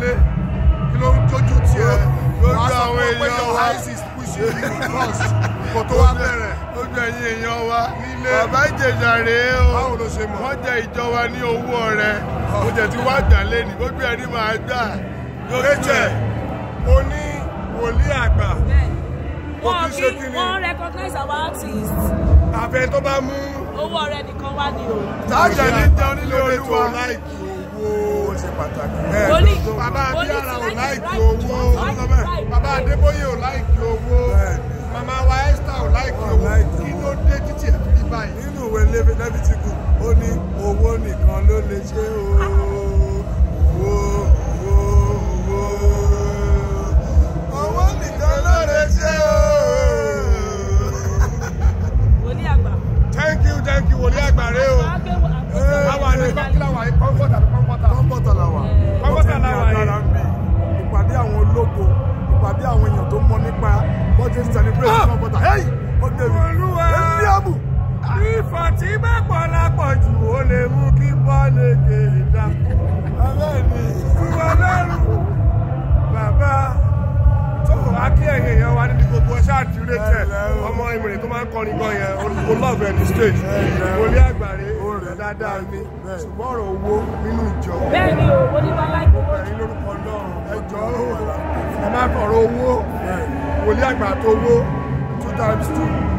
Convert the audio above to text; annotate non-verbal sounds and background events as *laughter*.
lélẹ̀ kí ló ń tójú tiẹ̀ wàá sọ fún pé *laughs* your kò tó wá bẹ̀rẹ̀. lójú ẹ̀yin èèyàn wa nílé bàbá ìjẹ̀jà rèé o wọ́n jẹ ìjọba ní owó ọ̀rẹ́ mo jẹ̀ ti wá gbà lẹ́nu gbogbo ẹni máa gbà lójú ẹ̀ mo ní wòlíì àgbà mo kì ṣe kí ni. wọ́n recognize our artist. tó bá mú. owó ọ̀rẹ́ nìkan wá ní o. tájà ní jẹun nílé olúwa ṣe pàtàkì. bàbá abíyára ò láìkí owó bàbá adébóyè ò láìkí owó màmá wa esther ò láìkí owó kí ló dé títí ẹ̀ fi báyìí. nínú ìwé lẹ́fẹ̀ẹ́ tí kù ó ní owó nìkan ló lè ṣe o. Ah, ti celebrate fún ah! ọgbọ́ta hey ọdẹrù ẹlẹ́mú. ìfọ̀ tí mẹ́pọ̀ lápọ̀ jù ó lè mú kí bọ́ọ̀lù èdè ìdá. ọlọ́ọ̀ni ìwọ lọ́rùn bàbá tó wà kí ẹ̀yìn èèyàn wa níbi gbogbo ẹ̀ ṣáà dúró tẹ̀ ọmọ ìmìrì tó máa ń kọrin gan yẹn olùkó love ẹni stage olè àgbàre dáadáa ni ṣùgbọ́n ọ̀rọ̀ owó nínú ìjọ. bẹ́ẹ̀ ni owó ní bá láì gbowó. ẹ̀yin lórúkọ náà ẹjọ́ ẹ má fọ̀rọ̀ owó wòlíì tó wó two times two.